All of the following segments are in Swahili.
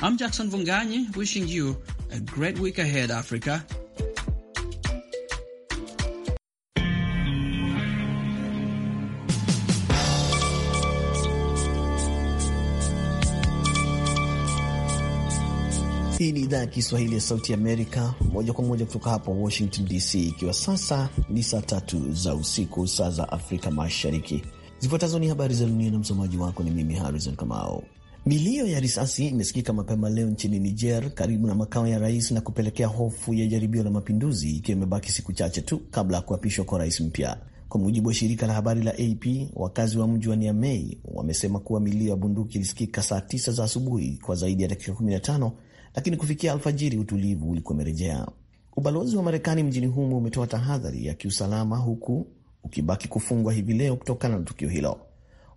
I'm Jackson Vunganyi wishing you a great week ahead, Africa. Hii ni idhaa ya Kiswahili ya Sauti Amerika, moja kwa moja kutoka hapa Washington DC, ikiwa sasa ni saa tatu za usiku, saa za Afrika Mashariki. Zifuatazo ni habari za dunia, na msomaji wako ni mimi Harrison Kamao. Milio ya risasi imesikika mapema leo nchini Niger karibu na makao ya rais na kupelekea hofu ya jaribio la mapinduzi, ikiwa imebaki siku chache tu kabla ya kuapishwa kwa rais mpya. Kwa mujibu wa shirika la habari la AP, wakazi wa mji wa Niamey wamesema kuwa milio ya bunduki ilisikika saa 9 za asubuhi kwa zaidi ya dakika 15, lakini kufikia alfajiri utulivu ulikuwa umerejea. Ubalozi wa Marekani mjini humo umetoa tahadhari ya kiusalama, huku ukibaki kufungwa hivi leo kutokana na tukio hilo.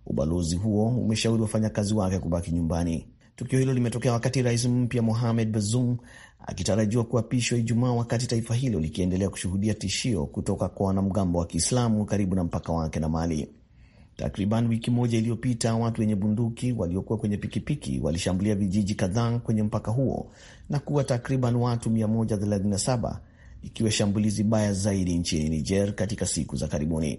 Ubalozi huo umeshauri wafanyakazi wake kubaki nyumbani. Tukio hilo limetokea wakati rais mpya Mohamed Bazoum akitarajiwa kuapishwa Ijumaa, wakati taifa hilo likiendelea kushuhudia tishio kutoka kwa wanamgambo wa Kiislamu karibu na mpaka wake na Mali. Takriban wiki moja iliyopita, watu wenye bunduki waliokuwa kwenye pikipiki walishambulia vijiji kadhaa kwenye mpaka huo na kuwa takriban watu 137 ikiwa shambulizi baya zaidi nchini Niger katika siku za karibuni.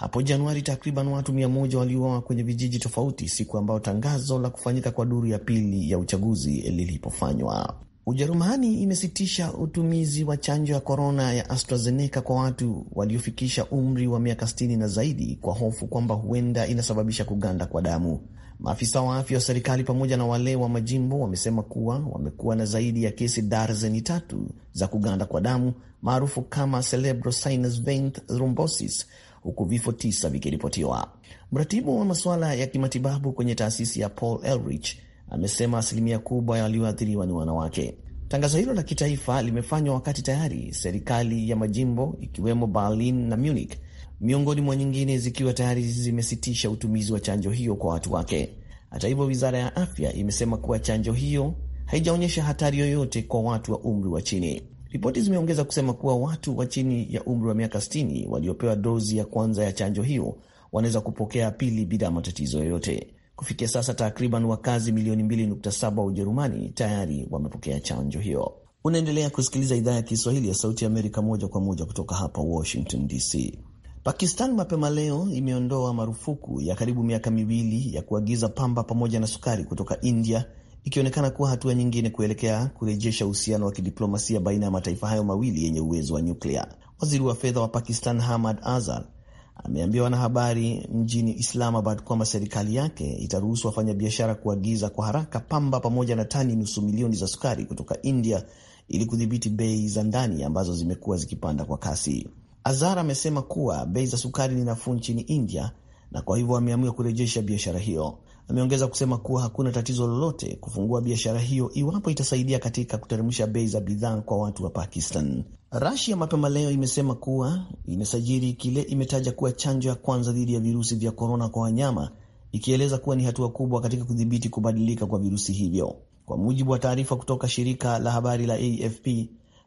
Hapo Januari, takriban watu mia moja waliuawa kwenye vijiji tofauti, siku ambayo tangazo la kufanyika kwa duru ya pili ya uchaguzi lilipofanywa. Ujerumani imesitisha utumizi wa chanjo ya korona ya AstraZeneca kwa watu waliofikisha umri wa miaka 60 na zaidi kwa hofu kwamba huenda inasababisha kuganda kwa damu. Maafisa wa afya wa serikali pamoja na wale wa majimbo wamesema kuwa wamekuwa na zaidi ya kesi darzeni tatu za kuganda kwa damu maarufu kama cerebrosinus vein thrombosis huku vifo tisa vikiripotiwa. Mratibu wa masuala ya kimatibabu kwenye taasisi ya Paul elrich amesema asilimia kubwa ya walioathiriwa ni wanawake. Tangazo hilo la kitaifa limefanywa wakati tayari serikali ya majimbo ikiwemo Berlin na Munich miongoni mwa nyingine zikiwa tayari zimesitisha utumizi wa chanjo hiyo kwa watu wake. Hata hivyo, wizara ya afya imesema kuwa chanjo hiyo haijaonyesha hatari yoyote kwa watu wa umri wa chini. Ripoti zimeongeza kusema kuwa watu wa chini ya umri wa miaka 60 waliopewa dozi ya kwanza ya chanjo hiyo wanaweza kupokea pili bila matatizo yoyote. Kufikia sasa takriban wakazi milioni 2.7 wa Ujerumani tayari wamepokea chanjo hiyo. Unaendelea kusikiliza idhaa ya Kiswahili ya Sauti Amerika moja kwa moja kutoka hapa Washington DC. Pakistan mapema leo imeondoa marufuku ya karibu miaka miwili ya kuagiza pamba pamoja na sukari kutoka India ikionekana kuwa hatua nyingine kuelekea kurejesha uhusiano wa kidiplomasia baina ya mataifa hayo mawili yenye uwezo wa nyuklia. Waziri wa fedha wa Pakistan Hamad azar ameambia wanahabari mjini Islamabad kwamba serikali yake itaruhusu wafanyabiashara kuagiza kwa haraka pamba pamoja na tani nusu milioni za sukari kutoka India ili kudhibiti bei za ndani ambazo zimekuwa zikipanda kwa kasi. azar amesema kuwa bei za sukari ni nafuu nchini India na kwa hivyo ameamua kurejesha biashara hiyo. Ameongeza kusema kuwa hakuna tatizo lolote kufungua biashara hiyo iwapo itasaidia katika kuteremsha bei za bidhaa kwa watu wa Pakistan. Rasia mapema leo imesema kuwa imesajili kile imetaja kuwa chanjo ya kwanza dhidi ya virusi vya korona kwa wanyama, ikieleza kuwa ni hatua kubwa katika kudhibiti kubadilika kwa virusi hivyo. Kwa mujibu wa taarifa kutoka shirika la habari la AFP,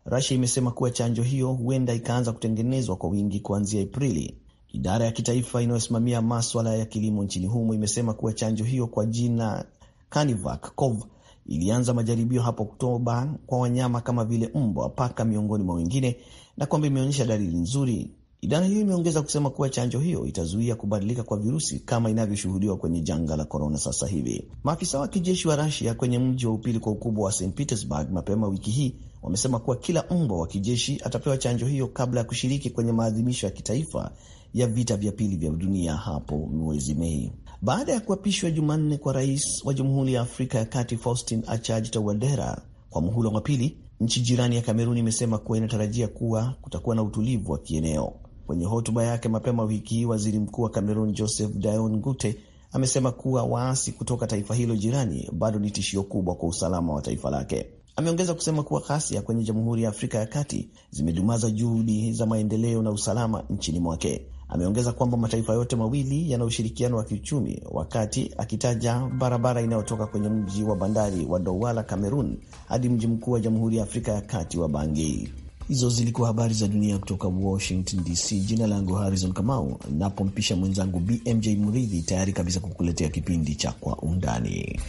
Rasia imesema kuwa chanjo hiyo huenda ikaanza kutengenezwa kwa wingi kuanzia Aprili Idara ya kitaifa inayosimamia maswala ya kilimo nchini humo imesema kuwa chanjo hiyo kwa jina Canivac Cov ilianza majaribio hapo Oktoba kwa wanyama kama vile mbwa, paka miongoni mwa wengine, na kwamba imeonyesha dalili nzuri. Idara hiyo imeongeza kusema kuwa chanjo hiyo itazuia kubadilika kwa virusi kama inavyoshuhudiwa kwenye janga la korona sasa hivi. Maafisa wa kijeshi wa Rasia kwenye mji wa upili kwa ukubwa wa St Petersburg mapema wiki hii wamesema kuwa kila mbwa wa kijeshi atapewa chanjo hiyo kabla ya kushiriki kwenye maadhimisho ya kitaifa ya vita vya pili vya dunia hapo mwezi Mei. Baada ya kuapishwa Jumanne kwa rais wa Jamhuri ya Afrika ya Kati Faustin Archange Touadera kwa muhula wa pili, nchi jirani ya Kameruni imesema kuwa inatarajia kuwa kutakuwa na utulivu wa kieneo. Kwenye hotuba yake mapema wiki hii, waziri mkuu wa Kamerun Joseph Dion Ngute amesema kuwa waasi kutoka taifa hilo jirani bado ni tishio kubwa kwa usalama wa taifa lake. Ameongeza kusema kuwa ghasia kwenye Jamhuri ya Afrika ya Kati zimedumaza juhudi za maendeleo na usalama nchini mwake. Ameongeza kwamba mataifa yote mawili yana ushirikiano wa kiuchumi, wakati akitaja barabara inayotoka kwenye mji wa bandari wa Douala, Cameroon, hadi mji mkuu wa Jamhuri ya Afrika ya Kati wa Bangui. Hizo zilikuwa habari za dunia kutoka Washington DC. Jina langu Harrison Kamau, napompisha mwenzangu BMJ Muridhi, tayari kabisa kukuletea kipindi cha Kwa Undani.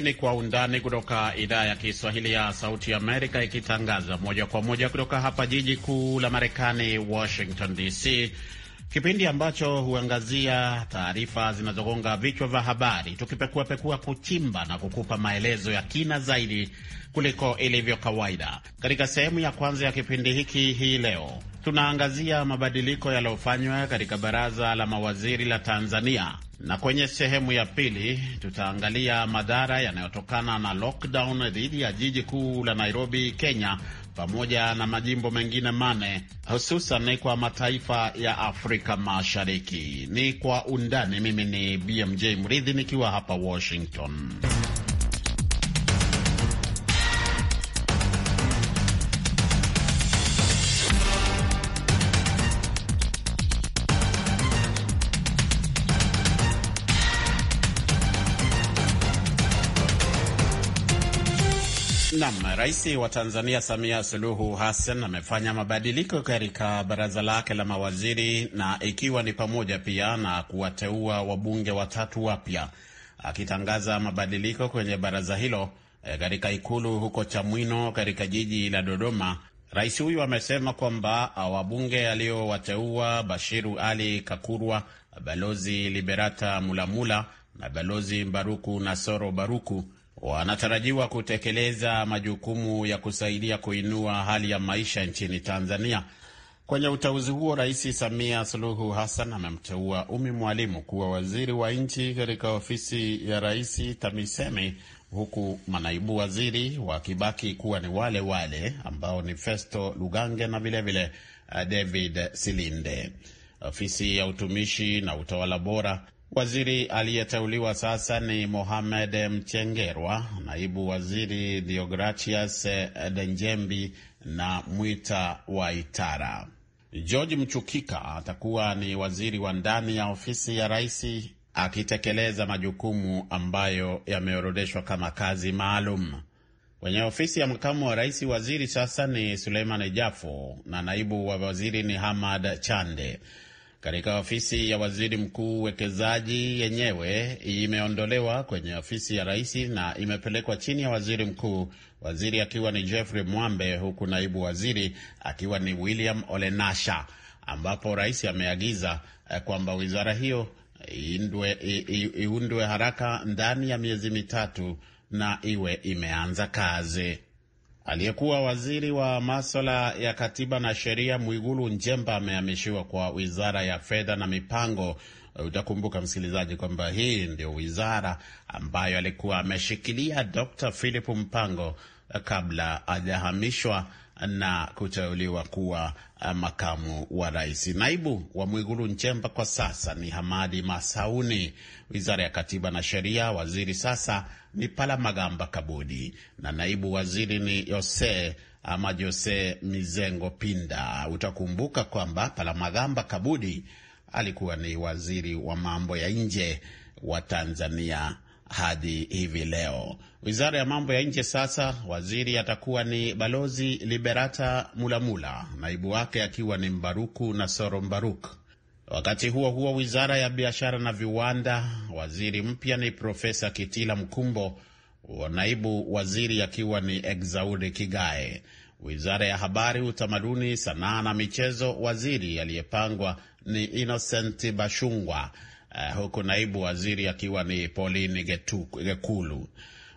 Hii ni Kwa Undani kutoka idhaa ya Kiswahili ya Sauti Amerika, ikitangaza moja kwa moja kutoka hapa jiji kuu la Marekani, Washington DC, kipindi ambacho huangazia taarifa zinazogonga vichwa vya habari, tukipekuapekua, kuchimba na kukupa maelezo ya kina zaidi kuliko ilivyo kawaida. Katika sehemu ya kwanza ya kipindi hiki hii leo tunaangazia mabadiliko yaliyofanywa katika baraza la mawaziri la Tanzania na kwenye sehemu ya pili tutaangalia madhara yanayotokana na lockdown dhidi ya jiji kuu la Nairobi, Kenya, pamoja na majimbo mengine mane, hususan kwa mataifa ya Afrika Mashariki. Ni kwa undani. Mimi ni BMJ Mridhi nikiwa hapa Washington. Rais wa Tanzania Samia Suluhu Hassan amefanya mabadiliko katika baraza lake la mawaziri na ikiwa ni pamoja pia na kuwateua wabunge watatu wapya, akitangaza mabadiliko kwenye baraza hilo eh, katika ikulu huko Chamwino katika jiji la Dodoma. Rais huyu amesema kwamba wabunge aliowateua Bashiru Ali Kakurwa, Balozi Liberata Mulamula na Balozi Mbaruku Nasoro Baruku wanatarajiwa kutekeleza majukumu ya kusaidia kuinua hali ya maisha nchini Tanzania. Kwenye uteuzi huo, Rais Samia Suluhu Hassan amemteua Umi Mwalimu kuwa waziri wa nchi katika ofisi ya Rais TAMISEMI, huku manaibu waziri wakibaki kuwa ni wale wale ambao ni Festo Lugange na vilevile eh, David Silinde. Ofisi ya utumishi na utawala bora Waziri aliyeteuliwa sasa ni Mohamed Mchengerwa, naibu waziri Deogratias Denjembi na Mwita wa itara George Mchukika atakuwa ni waziri wa ndani ya ofisi ya rais akitekeleza majukumu ambayo yameorodheshwa kama kazi maalum. Kwenye ofisi ya makamu wa rais, waziri sasa ni Suleiman Jafo na naibu wa waziri ni Hamad Chande katika ofisi ya waziri mkuu. Uwekezaji yenyewe imeondolewa kwenye ofisi ya rais na imepelekwa chini ya waziri mkuu, waziri akiwa ni jeffrey Mwambe, huku naibu waziri akiwa ni William Olenasha, ambapo rais ameagiza eh, kwamba wizara hiyo iundwe haraka ndani ya miezi mitatu na iwe imeanza kazi. Aliyekuwa waziri wa maswala ya katiba na sheria Mwigulu Njemba amehamishiwa kwa wizara ya fedha na mipango. Utakumbuka msikilizaji, kwamba hii ndio wizara ambayo alikuwa ameshikilia Dr Philip Mpango kabla ajahamishwa na kuteuliwa kuwa uh, makamu wa rais. Naibu wa Mwigulu Nchemba kwa sasa ni Hamadi Masauni. Wizara ya Katiba na Sheria, waziri sasa ni Palamagamba Kabudi na naibu waziri ni Yose ama Jose Mizengo Pinda. Utakumbuka kwamba Palamagamba Kabudi alikuwa ni waziri wa mambo ya nje wa Tanzania hadi hivi leo. Wizara ya mambo ya nje sasa, waziri atakuwa ni Balozi Liberata Mulamula, naibu wake akiwa ni Mbaruku na Soro Mbaruk. Wakati huo huo, wizara ya biashara na viwanda, waziri mpya ni Profesa Kitila Mkumbo, naibu waziri akiwa ni Exaudi Kigae. Wizara ya habari, utamaduni, sanaa na michezo, waziri aliyepangwa ni Innocent Bashungwa uh, huku naibu waziri akiwa ni Pauline Gekulu.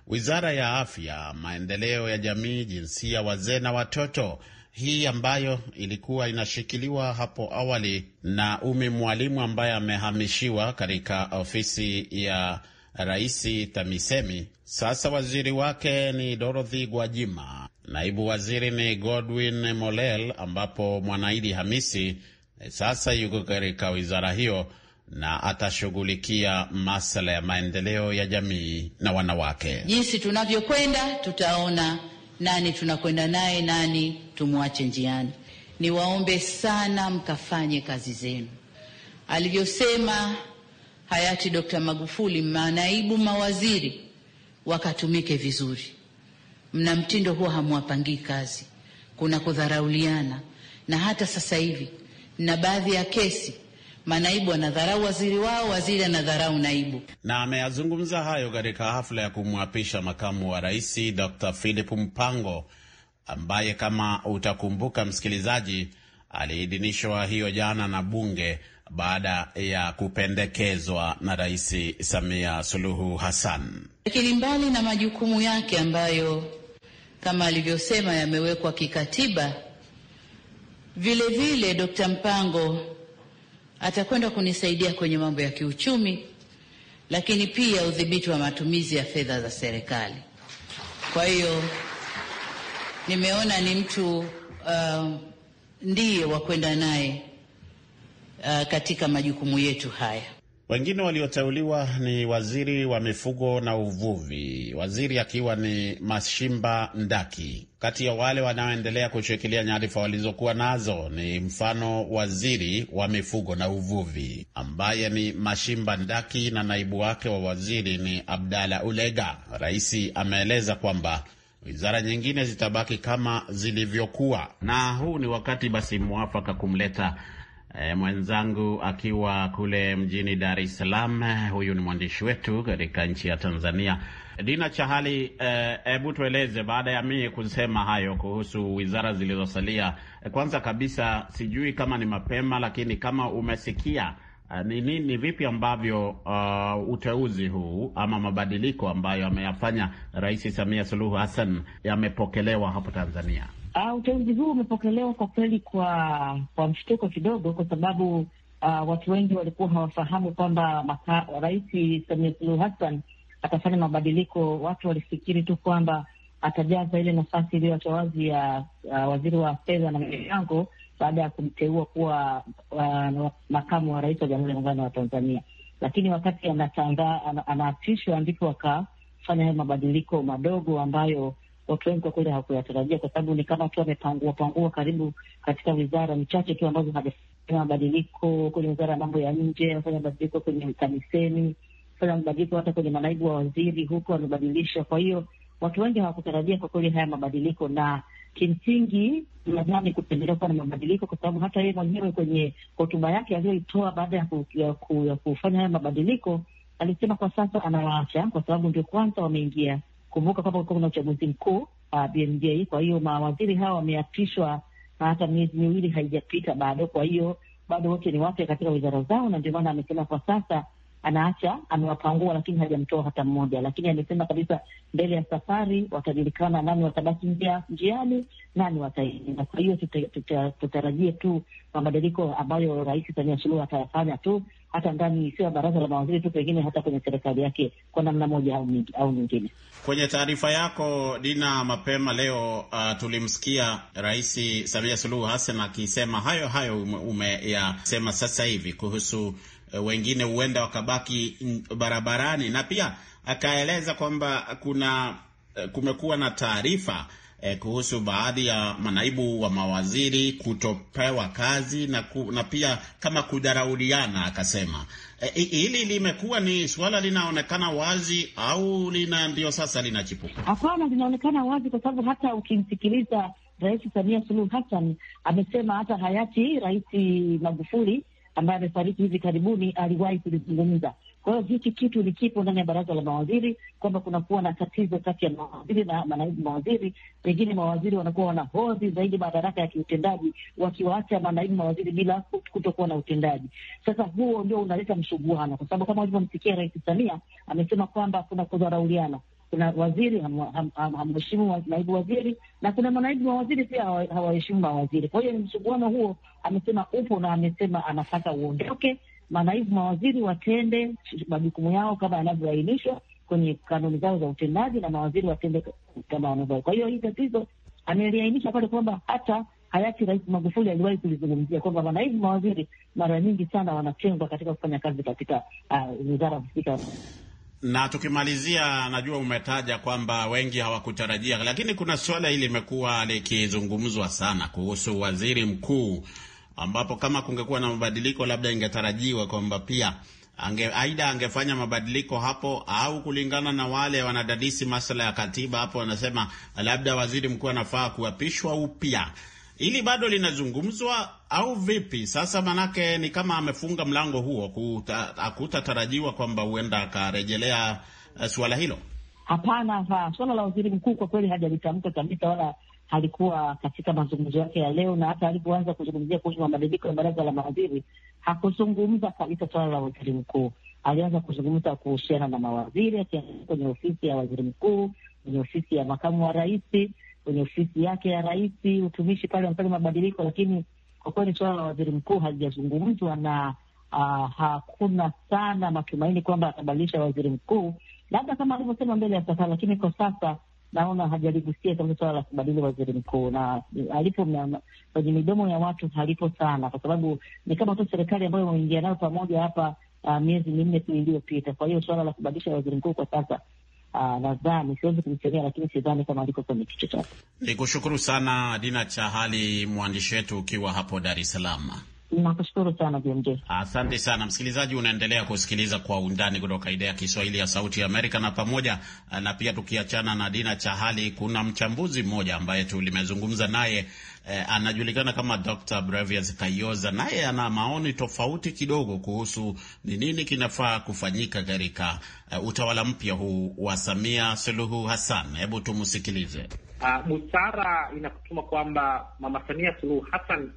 Wizara ya Afya, Maendeleo ya Jamii, Jinsia, Wazee na Watoto, hii ambayo ilikuwa inashikiliwa hapo awali na Umi Mwalimu ambaye amehamishiwa katika ofisi ya Raisi TAMISEMI. Sasa waziri wake ni Dorothy Gwajima, naibu waziri ni Godwin Molel, ambapo Mwanaidi Hamisi eh, sasa yuko katika wizara hiyo na atashughulikia masuala ya maendeleo ya jamii na wanawake. Jinsi tunavyokwenda, tutaona nani tunakwenda naye, nani tumwache njiani. Niwaombe sana mkafanye kazi zenu. Alivyosema hayati dokta Magufuli, manaibu mawaziri wakatumike vizuri. Mna mtindo huwa hamwapangii kazi, kuna kudharauliana, na hata sasa hivi na baadhi ya kesi manaibu anadharau waziri wao, waziri anadharau naibu. Na ameyazungumza hayo katika hafla ya kumwapisha makamu wa rais Dr. Philip Mpango ambaye kama utakumbuka msikilizaji, aliidhinishwa hiyo jana na bunge baada ya kupendekezwa na Rais Samia Suluhu Hassan. Lakini mbali na majukumu yake ambayo kama alivyosema yamewekwa kikatiba, vilevile d Mpango atakwenda kunisaidia kwenye mambo ya kiuchumi, lakini pia udhibiti wa matumizi ya fedha za serikali. Kwa hiyo nimeona ni mtu uh, ndiye wa kwenda naye uh, katika majukumu yetu haya. Wengine walioteuliwa ni waziri wa mifugo na uvuvi, waziri akiwa ni Mashimba Ndaki. Kati ya wale wanaoendelea kushikilia nyadhifa walizokuwa nazo ni mfano waziri wa mifugo na uvuvi ambaye ni Mashimba Ndaki na naibu wake wa waziri ni Abdala Ulega. Rais ameeleza kwamba wizara nyingine zitabaki kama zilivyokuwa, na huu ni wakati basi mwafaka kumleta E, mwenzangu akiwa kule mjini Dar es Salaam. Eh, huyu ni mwandishi wetu katika nchi ya Tanzania, Dina Chahali. Eh, hebu e, tueleze baada ya mimi kusema hayo kuhusu wizara zilizosalia. Kwanza kabisa, sijui kama ni mapema, lakini kama umesikia ni, ni, ni vipi ambavyo uh, uteuzi huu ama mabadiliko ambayo ameyafanya Rais Samia Suluhu Hassan yamepokelewa hapo Tanzania? Uh, ah, uteuzi huu umepokelewa kwa kweli kwa kwa mshtuko kidogo, kwa sababu uh, watu wengi walikuwa hawafahamu kwamba Rais Samia Suluhu Hassan atafanya mabadiliko. Watu walifikiri tu kwamba atajaza ile nafasi iliyoachwa wazi ya uh, waziri wa fedha na mipango baada ya kumteua kuwa uh, makamu wa rais wa Jamhuri ya Muungano wa Tanzania, lakini wakati anaapishwa ana, ana ndipo akafanya hayo mabadiliko madogo ambayo watu wengi kwa kweli hawakuyatarajia, kwa sababu ni kama tu amepangua pangua karibu katika wizara michache tu ambazo hajafanya mabadiliko. Kwenye wizara ya mambo ya nje amefanya mabadiliko, kwenye TAMISEMI fanya mabadiliko, hata kwenye manaibu wa waziri huko wamebadilisha. Kwa hiyo watu wengi hawakutarajia kwa kweli haya mabadiliko, na kimsingi nadhani kupendelea kuwa na mabadiliko, kwa sababu hata yeye mwenyewe kwenye hotuba yake aliyoitoa baada ya, ku, ya, ku, ya kufanya haya mabadiliko alisema kwa sasa anawaacha kwa sababu ndio kwanza wameingia Kumbuka kwamba kulikuwa kuna uchaguzi mkuu uh, BMJ. Kwa hiyo mawaziri hawa wameapishwa hata miezi miwili haijapita bado, kwa hiyo bado wote ni wapya katika wizara zao, na ndio maana amesema kwa sasa anaacha amewapangua, lakini hajamtoa hata mmoja. Lakini amesema kabisa mbele ya safari watajulikana nani watabaki njia, njiani nani wataingia. Kwa hiyo tutarajie tu mabadiliko ambayo Rais Samia Suluhu atayafanya tu hata ndani sio baraza la mawaziri tu, pengine hata kwenye serikali yake kwa namna moja au nyingine. Kwenye taarifa yako Dina, mapema leo uh, tulimsikia Rais Samia Suluhu Hassan akisema hayo hayo umeyasema sasa hivi kuhusu uh, wengine huenda wakabaki barabarani na pia akaeleza kwamba kuna uh, kumekuwa na taarifa eh, kuhusu baadhi ya manaibu wa mawaziri kutopewa kazi na, ku, na pia kama kudharauliana akasema eh, Hili hili limekuwa ni suala linaonekana wazi au lina ndio sasa linachipuka? Hapana, linaonekana wazi kwa sababu hata ukimsikiliza Rais Samia Suluhu Hassan amesema hata hayati Rais Magufuli ambaye amefariki hivi karibuni aliwahi kulizungumza kwa hiyo hichi kitu ni kipo ndani ya baraza la mawaziri kwamba kunakuwa na tatizo kati ya mawaziri na manaibu mawaziri. Pengine mawaziri wanakuwa wanahodhi zaidi madaraka ya kiutendaji, wakiwaacha manaibu mawaziri bila kutokuwa na utendaji. Sasa huo ndio unaleta msuguano, kwa sababu kama ulivyomsikia Rais Samia amesema kwamba kuna kudharauliana kuna waziri hamheshimu ham, ham, naibu waziri na kuna manaibu mawaziri pia hawaheshimu mawaziri. Kwa hiyo msuguano huo amesema upo, na amesema anataka uondoke, manaibu mawaziri watende majukumu yao kama yanavyoainishwa kwenye kanuni zao za utendaji, na mawaziri watende kama wanavyo. Kwa hiyo hii tatizo ameliainisha pale kwamba hata hayati Rais Magufuli aliwahi kulizungumzia kwamba manaibu mawaziri mara nyingi sana wanatengwa katika kufanya kazi katika uh, wizara uh, husika na tukimalizia, najua umetaja kwamba wengi hawakutarajia, lakini kuna suala hili limekuwa likizungumzwa sana kuhusu waziri mkuu ambapo kama kungekuwa na mabadiliko labda ingetarajiwa kwamba pia ange, aidha angefanya mabadiliko hapo, au kulingana na wale wanadadisi masuala ya katiba hapo wanasema labda waziri mkuu anafaa kuapishwa upya. ili bado linazungumzwa au vipi? Sasa manake ni kama amefunga mlango huo, hakutatarajiwa kwamba huenda akarejelea uh, suala hilo. Hapana, swala la waziri mkuu kwa kweli hajalitamka tamka wala alikuwa katika mazungumzo yake ya leo, na hata alipoanza kuzungumzia kuhusu mabadiliko ya baraza la mawaziri hakuzungumza kabisa swala la waziri mkuu. Alianza kuzungumza kuhusiana na mawaziri, akianzia kwenye ofisi ya waziri mkuu, kwenye ofisi ya makamu wa rais, kwenye ofisi yake ya rais, utumishi pale wanafanya mabadiliko, lakini kwa kweli swala la waziri mkuu halijazungumzwa na Uh, hakuna sana matumaini kwamba atabadilisha waziri mkuu, labda kama alivyosema mbele ya safari, lakini kwa sasa naona hajaligusia kabisa swala la kubadili waziri mkuu, na eh, alipo kwenye midomo ya watu halipo sana, kwa sababu ni kama tu serikali ambayo imeingia nayo pamoja hapa uh, miezi minne tu iliyopita. Kwa hiyo swala la kubadilisha waziri mkuu kwa sasa Uh, nadhani siwezi kumchemea lakini sidhani kama aliko kwenye kitu chake. Ni kushukuru sana Dina Chahali, mwandishi wetu ukiwa hapo Dar es Salaam. Nakushukuru sana BMJ. Asante sana msikilizaji, unaendelea kusikiliza Kwa Undani kutoka idhaa ya Kiswahili ya Sauti ya Amerika. Na pamoja na pia tukiachana na Dina Chahali, kuna mchambuzi mmoja ambaye tulimezungumza naye eh, anajulikana kama Dr. Brevius Kayoza, naye ana maoni tofauti kidogo kuhusu ni nini kinafaa kufanyika katika eh, utawala mpya huu wa Samia Suluhu Hassan. Hebu tumsikilize. Uh, busara inakutuma kwamba Mama Samia Suluhu Hassan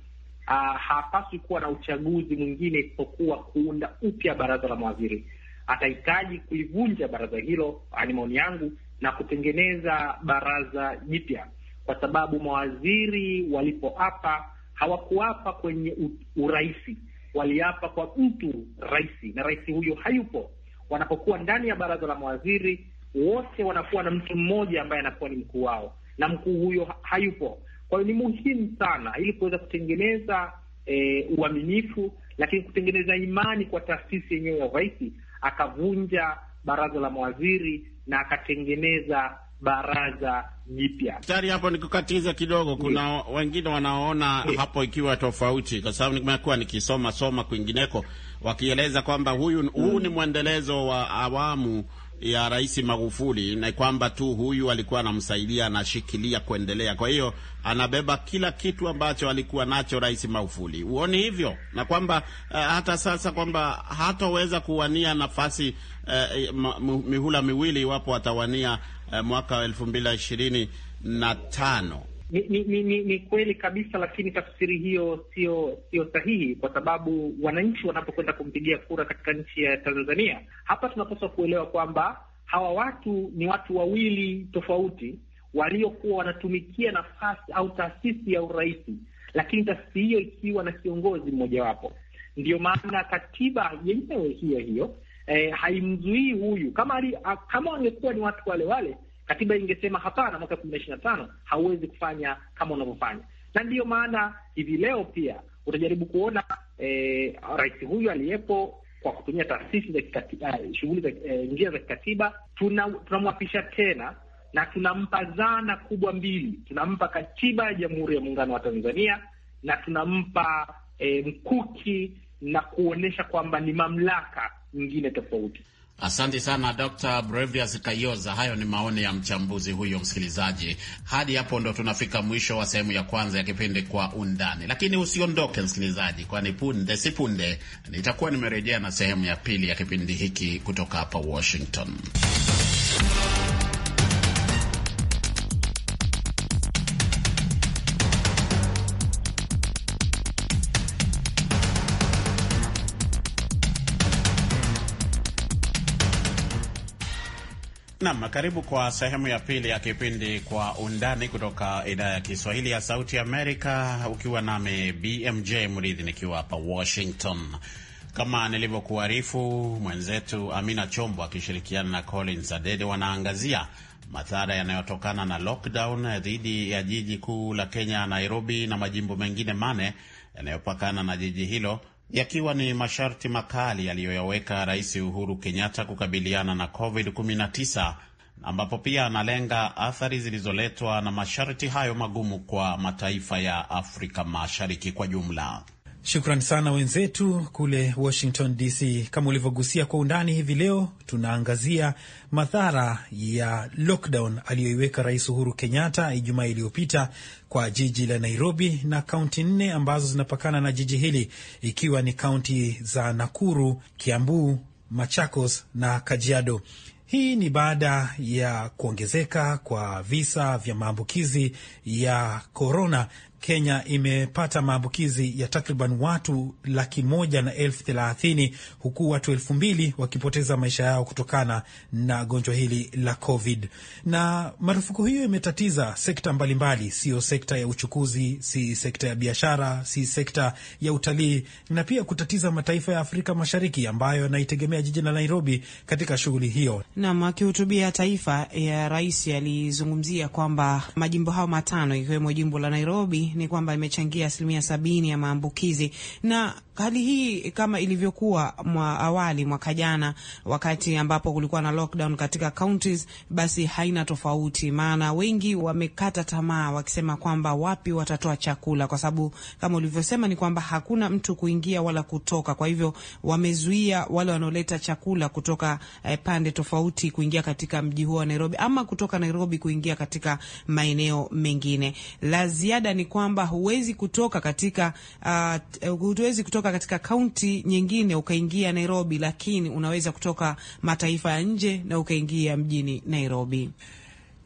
uh, hapaswi kuwa na uchaguzi mwingine isipokuwa kuunda upya baraza la mawaziri. Atahitaji kulivunja baraza hilo, ni yaani maoni yangu, na kutengeneza baraza jipya, kwa sababu mawaziri walipoapa hawakuapa kwenye uraisi, waliapa kwa mtu raisi, na raisi huyo hayupo. Wanapokuwa ndani ya baraza la mawaziri, wote wanakuwa na mtu mmoja ambaye anakuwa ni mkuu wao, na mkuu huyo hayupo. Kwa hiyo ni muhimu sana ili kuweza kutengeneza e, uaminifu, lakini kutengeneza imani kwa taasisi yenyewe ya urais. Akavunja baraza la mawaziri na akatengeneza baraza jipya. Daktari, hapo nikukatiza kidogo, kuna yeah, wengine wanaona yeah, hapo ikiwa tofauti, kwa sababu nimekuwa nikisoma soma kwingineko wakieleza kwamba huyu huu mm, ni mwendelezo wa awamu ya Rais Magufuli ni kwamba tu huyu alikuwa anamsaidia, anashikilia kuendelea. Kwa hiyo anabeba kila kitu ambacho alikuwa nacho Rais Magufuli. Huoni hivyo? Na kwamba uh, hata sasa kwamba hataweza kuwania nafasi uh, mihula miwili iwapo atawania uh, mwaka wa elfu mbili na ishirini na tano. Ni, ni, ni, ni kweli kabisa, lakini tafsiri hiyo sio sio sahihi, kwa sababu wananchi wanapokwenda kumpigia kura katika nchi ya Tanzania, hapa tunapaswa kuelewa kwamba hawa watu ni watu wawili tofauti waliokuwa wanatumikia nafasi au taasisi ya urais, lakini taasisi hiyo ikiwa na kiongozi mmojawapo. ndio maana katiba yenyewe hiyo hiyo eh, haimzuii huyu kama, kama wangekuwa ni watu wale wale Katiba ingesema hapana, mwaka elfu mbili ishirini na tano hauwezi kufanya kama unavyofanya, na ndiyo maana hivi leo pia utajaribu kuona eh, rais huyu aliyepo kwa kutumia taasisi za eh, shughuli za eh, njia za kikatiba, tunamwapisha tuna tena na tunampa zana kubwa mbili, tunampa katiba ya Jamhuri ya Muungano wa Tanzania na tunampa eh, mkuki na kuonyesha kwamba ni mamlaka nyingine tofauti. Asante sana Dr. brevias Kayoza. Hayo ni maoni ya mchambuzi huyo. Msikilizaji, hadi hapo ndo tunafika mwisho wa sehemu ya kwanza ya kipindi Kwa Undani, lakini usiondoke msikilizaji, kwani punde si punde nitakuwa nimerejea na sehemu ya pili ya kipindi hiki kutoka hapa Washington. Nam, karibu kwa sehemu ya pili ya kipindi Kwa Undani kutoka idhaa ya Kiswahili ya Sauti Amerika, ukiwa nami BMJ Mridhi nikiwa hapa Washington. Kama nilivyokuarifu, mwenzetu Amina Chombo akishirikiana na Collins Adede wanaangazia madhara yanayotokana na lockdown dhidi ya jiji kuu la Kenya, Nairobi, na majimbo mengine mane yanayopakana na jiji hilo yakiwa ni masharti makali aliyoyaweka Rais Uhuru Kenyatta kukabiliana na COVID-19 ambapo pia analenga athari zilizoletwa na masharti hayo magumu kwa mataifa ya Afrika Mashariki kwa jumla. Shukran sana wenzetu kule Washington DC. Kama ulivyogusia kwa undani hivi leo, tunaangazia madhara ya lockdown aliyoiweka Rais Uhuru Kenyatta Ijumaa iliyopita kwa jiji la Nairobi na kaunti nne ambazo zinapakana na jiji hili, ikiwa ni kaunti za Nakuru, Kiambu, Machakos na Kajiado. Hii ni baada ya kuongezeka kwa visa vya maambukizi ya korona Kenya imepata maambukizi ya takriban watu laki moja na elfu thelathini huku watu elfu mbili wakipoteza maisha yao kutokana na gonjwa hili la COVID. Na marufuku hiyo imetatiza sekta mbalimbali, siyo sekta ya uchukuzi, si sekta ya biashara, si sekta ya utalii, na pia kutatiza mataifa ya Afrika Mashariki ambayo yanaitegemea jiji la Nairobi katika shughuli hiyo. Nam akihutubia taifa ya rais alizungumzia kwamba majimbo hayo matano ikiwemo jimbo la Nairobi ni kwamba imechangia asilimia sabini ya maambukizi. Na hali hii kama ilivyokuwa mwa awali mwaka jana, wakati ambapo kulikuwa na lockdown katika counties, basi haina tofauti, maana wengi wamekata tamaa wakisema kwamba wapi watatoa chakula, kwa sababu kama ulivyosema ni kwamba hakuna mtu kuingia wala kutoka. Kwa hivyo wamezuia wale wanaoleta chakula kutoka eh, pande tofauti kuingia katika mji huo wa Nairobi, ama kutoka Nairobi kuingia katika maeneo mengine. La ziada ni kwamba huwezi kutoka katika uh, huwezi kutoka kutoka katika kaunti nyingine ukaingia Nairobi, lakini unaweza kutoka mataifa ya nje na ukaingia mjini Nairobi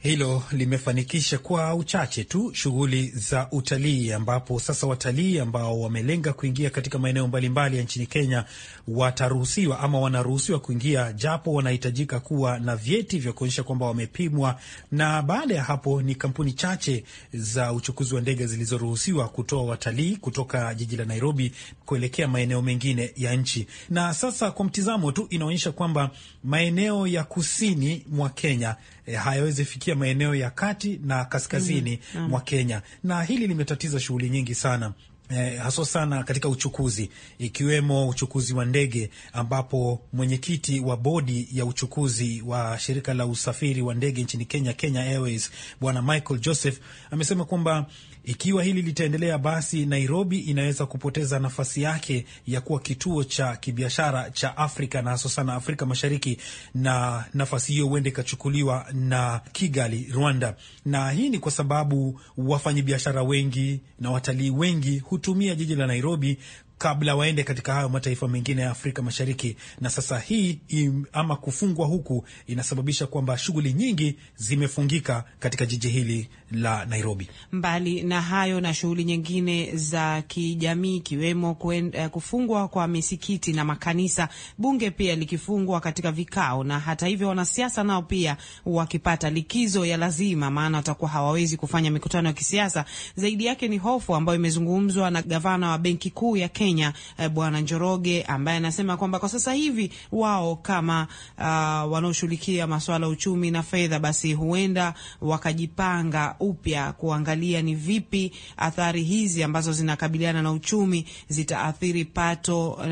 hilo limefanikisha kwa uchache tu shughuli za utalii, ambapo sasa watalii ambao wamelenga kuingia katika maeneo mbalimbali ya nchini Kenya wataruhusiwa ama wanaruhusiwa kuingia, japo wanahitajika kuwa na vyeti vya kuonyesha kwamba wamepimwa. Na baada ya hapo ni kampuni chache za uchukuzi wa ndege zilizoruhusiwa kutoa watalii kutoka jiji la Nairobi kuelekea maeneo mengine ya nchi. Na sasa kwa mtizamo tu, inaonyesha kwamba maeneo ya kusini mwa Kenya e, hayawezi fikia maeneo ya kati na kaskazini mm -hmm. mwa Kenya, na hili limetatiza shughuli nyingi sana Eh, haswa sana katika uchukuzi ikiwemo uchukuzi wa ndege ambapo mwenyekiti wa bodi ya uchukuzi wa shirika la usafiri wa ndege nchini Kenya, Kenya Airways, Bwana Michael Joseph amesema kwamba ikiwa hili litaendelea, basi Nairobi inaweza kupoteza nafasi yake ya kuwa kituo cha kibiashara cha Afrika na hasa sana Afrika Mashariki, na nafasi hiyo huenda ikachukuliwa na Kigali, Rwanda. Na hii ni kwa sababu wafanyabiashara wengi na watalii wengi hutumia jiji la Nairobi kabla waende katika hayo mataifa mengine ya Afrika Mashariki. Na sasa hii im, ama kufungwa huku inasababisha kwamba shughuli nyingi zimefungika katika jiji hili la Nairobi. Mbali na hayo na shughuli nyingine za kijamii ikiwemo eh, kufungwa kwa misikiti na makanisa, bunge pia likifungwa katika vikao, na hata hivyo wanasiasa nao pia wakipata likizo ya lazima, maana watakuwa hawawezi kufanya mikutano ya kisiasa. Zaidi yake ni hofu ambayo imezungumzwa na gavana wa Benki Kuu ya Kenya Kenya eh, Bwana Njoroge ambaye anasema kwamba kwa sasa hivi wao kama uh, wanaoshughulikia masuala ya uchumi na fedha, basi huenda wakajipanga upya kuangalia ni vipi athari hizi ambazo zinakabiliana na uchumi zitaathiri pato uh,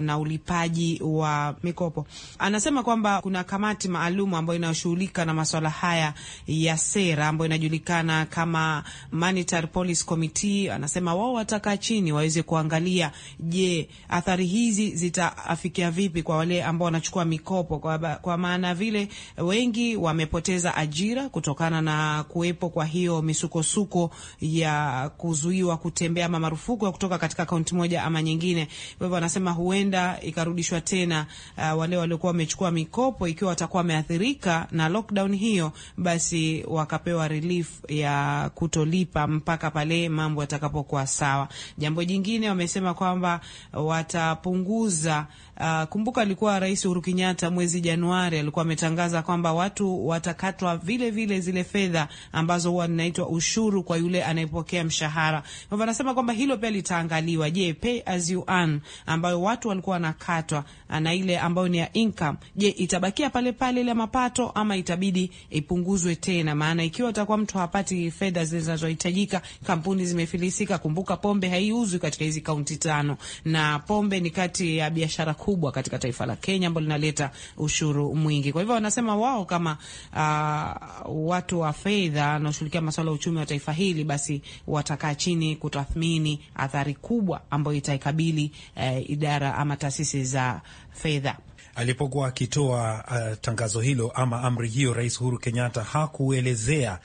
na ulipaji wa mikopo. Anasema kwamba kuna kamati maalum ambayo inayoshughulika na masuala haya ya sera ambayo inajulikana kama Monetary Policy Committee. Anasema wao watakaa chini waweze kuangalia Je, athari hizi zitaafikia vipi kwa wale ambao wanachukua mikopo? Kwa, kwa maana vile eh, wengi wamepoteza ajira kutokana na kuwepo kwa hiyo misukosuko ya kuzuiwa kutembea ama marufuku ya kutoka katika kaunti moja ama nyingine. Kwa hivyo wanasema huenda ikarudishwa tena, uh, wale waliokuwa wamechukua mikopo ikiwa watakuwa wameathirika na lockdown hiyo, basi wakapewa relief ya kutolipa mpaka pale mambo yatakapokuwa sawa. Jambo jingine wamesema kwa kwamba watapunguza Uh, kumbuka alikuwa Rais Uhuru Kenyatta mwezi Januari alikuwa ametangaza kwamba watu watakatwa vile vile zile fedha ambazo huwa zinaitwa ushuru kwa yule anayepokea mshahara. Kwa Hivyo anasema kwamba hilo pia litaangaliwa. Je, pay as you earn ambayo watu walikuwa wanakatwa ah, na ile ambayo ni ya income, je, itabakia pale pale ile mapato ama itabidi ipunguzwe tena? Maana ikiwa atakuwa mtu hapati fedha zile zinazohitajika, kampuni zimefilisika. Kumbuka pombe haiuzwi katika hizi kaunti tano na pombe ni kati ya biashara kubwa katika taifa la Kenya ambalo linaleta ushuru mwingi. Kwa hivyo wanasema wao kama uh, watu wa fedha wanaoshughulikia masuala ya uchumi wa taifa hili, basi watakaa chini kutathmini athari kubwa ambayo itaikabili uh, idara ama taasisi za fedha. Alipokuwa akitoa uh, tangazo hilo ama amri hiyo, Rais Uhuru Kenyatta hakuelezea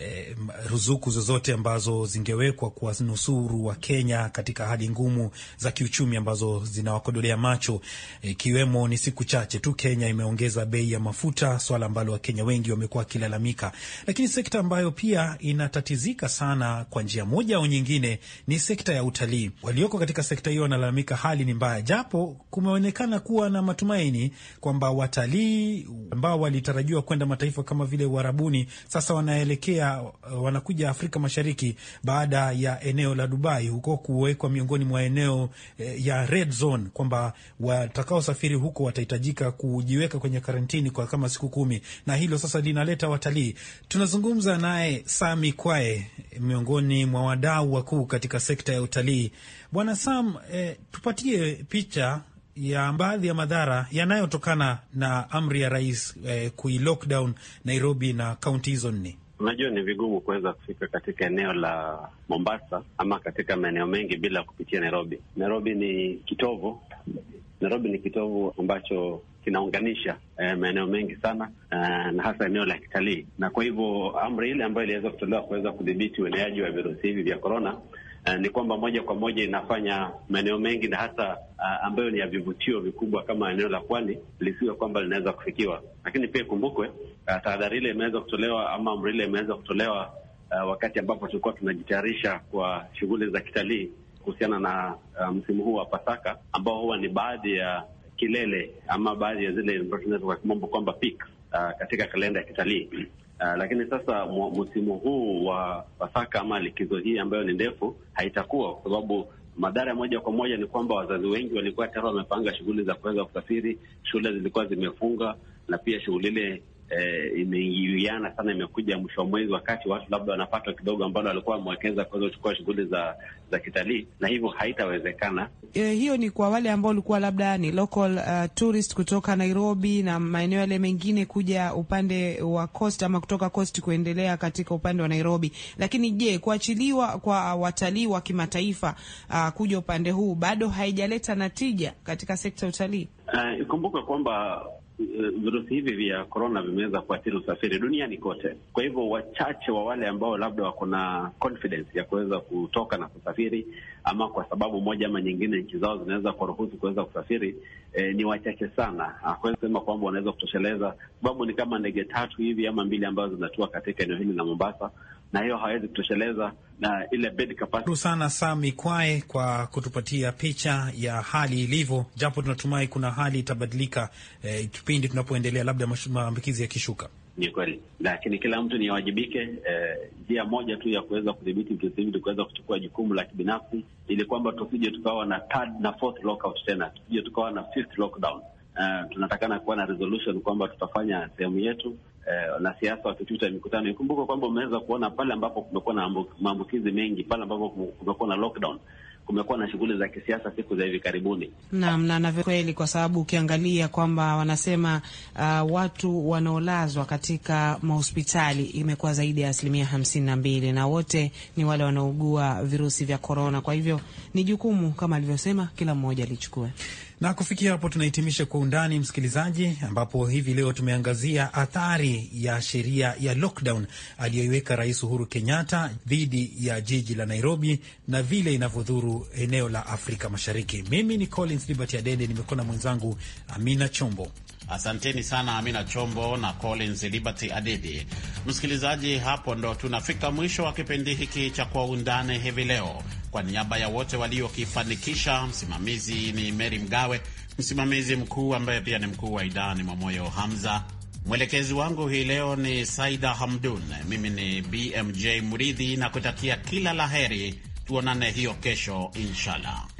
eh, ruzuku zozote ambazo zingewekwa kuwanusuru wa Kenya katika hali ngumu za kiuchumi ambazo zinawakodolea macho, ikiwemo eh, ni siku chache tu Kenya imeongeza bei ya mafuta, swala ambalo Wakenya wengi wamekuwa wakilalamika. Lakini sekta ambayo pia inatatizika sana kwa njia moja au nyingine ni sekta ya utalii. Walioko katika sekta hiyo wanalalamika hali ni mbaya, japo kumeonekana kuwa na matumaini kwamba watalii ambao walitarajiwa kwenda mataifa kama vile Uarabuni sasa wanaelekea wanatokea uh, wanakuja Afrika Mashariki baada ya eneo la Dubai huko kuwekwa miongoni mwa eneo eh, ya red zone, kwamba watakaosafiri huko watahitajika kujiweka kwenye karantini kwa kama siku kumi, na hilo sasa linaleta watalii. Tunazungumza naye Sami Kwae, miongoni mwa wadau wakuu katika sekta ya utalii. Bwana Sam, eh, tupatie picha ya baadhi ya madhara yanayotokana na amri ya rais eh, kui lockdown Nairobi na kaunti hizo nne. Unajua, ni vigumu kuweza kufika katika eneo la Mombasa ama katika maeneo mengi bila kupitia Nairobi. Nairobi ni kitovu, Nairobi ni kitovu ambacho kinaunganisha eh, maeneo mengi sana eh, na hasa eneo la kitalii, na kwa hivyo amri ile ambayo iliweza kutolewa kuweza kudhibiti ueneaji wa virusi hivi vya korona uh, ni kwamba moja kwa moja inafanya maeneo mengi na hasa uh, eh, ambayo ni ya vivutio vikubwa kama eneo la pwani lisiwe kwamba linaweza kufikiwa. Lakini pia ikumbukwe, uh, tahadhari ile imeweza kutolewa ama amri ile imeweza kutolewa uh, wakati ambapo tulikuwa tunajitayarisha kwa shughuli za kitalii kuhusiana na uh, msimu huu wa Pasaka ambao huwa ni baadhi ya kilele ama baadhi ya zile tunaweza kwa kimombo kwamba peak uh, katika kalenda ya kitalii Uh, lakini sasa msimu huu wa Pasaka ama likizo hii ambayo ni ndefu haitakuwa, kwa sababu madhara moja kwa moja ni kwamba wazazi wengi walikuwa tayari wamepanga shughuli za kuweza kusafiri, shule zilikuwa zimefunga, na pia shughuli ile eh, imeingiliana sana, imekuja mwisho wa mwezi, wakati watu labda wanapatwa kidogo ambalo walikuwa wamewekeza kuweza kuchukua shughuli za za kitalii, na hivyo haitawezekana. E, hiyo ni kwa wale ambao walikuwa labda ni local uh, tourist kutoka Nairobi na maeneo yale mengine kuja upande wa coast ama kutoka coast kuendelea katika upande wa Nairobi. Lakini je, kuachiliwa kwa watalii wa kimataifa uh, kuja upande huu bado haijaleta natija katika sekta ya utalii? Eh, ikumbuke uh, kwamba Eh, virusi hivi vya korona vimeweza kuathiri usafiri duniani kote. Kwa hivyo wachache wa wale ambao labda wako na confidence ya kuweza kutoka na kusafiri, ama kwa sababu moja ama nyingine nchi zao zinaweza kuwaruhusu kuweza kusafiri, e, ni wachache sana. Hakuwezi ah, kusema kwamba wanaweza kutosheleza, sababu ni kama ndege tatu hivi ama mbili ambazo zinatua katika eneo hili la Mombasa na hiyo hawezi kutosheleza na ile bed capacity. sana Sami Kwae kwa kutupatia picha ya hali ilivyo, japo tunatumai kuna hali itabadilika eh, kipindi eh, tunapoendelea, labda maambukizi yakishuka. Ni kweli, lakini kila mtu ni eh, Njia eh, moja tu ya kuweza kudhibiti virusi hivi ni kuweza kuchukua jukumu la kibinafsi, ili kwamba tusije tukawa na third na fourth lockout tena, tusije tukawa na fifth lockdown. Uh, tunatakana kuwa na resolution kwamba tutafanya sehemu yetu Eh, wanasiasa wakichuta mikutano. Ikumbuka kwamba umeweza kuona pale ambapo kumekuwa na maambukizi mengi, pale ambapo kumekuwa na lockdown kumekuwa na shughuli za kisiasa siku za hivi karibuni. Naam, na kweli, kwa sababu ukiangalia kwamba wanasema uh, watu wanaolazwa katika mahospitali imekuwa zaidi ya asilimia hamsini na mbili na wote ni wale wanaougua virusi vya korona. Kwa hivyo ni jukumu kama alivyosema, kila mmoja alichukue na kufikia hapo tunahitimisha Kwa Undani, msikilizaji, ambapo hivi leo tumeangazia athari ya sheria ya lockdown aliyoiweka Rais Uhuru Kenyatta dhidi ya jiji la Nairobi na vile inavyodhuru eneo la Afrika Mashariki. Mimi ni Collins Liberty Adede, nimekuwa na mwenzangu Amina Chombo. Asanteni sana Amina Chombo na Collins Liberty adidi Msikilizaji, hapo ndo tunafika mwisho wa kipindi hiki cha Kwa Undani hivi leo. Kwa niaba ya wote waliokifanikisha, msimamizi ni Meri Mgawe, msimamizi mkuu ambaye pia ni mkuu wa idara ni Mwamoyo Hamza, mwelekezi wangu hii leo ni Saida Hamdun, mimi ni BMJ Muridhi na kutakia kila la heri. Tuonane hiyo kesho inshallah.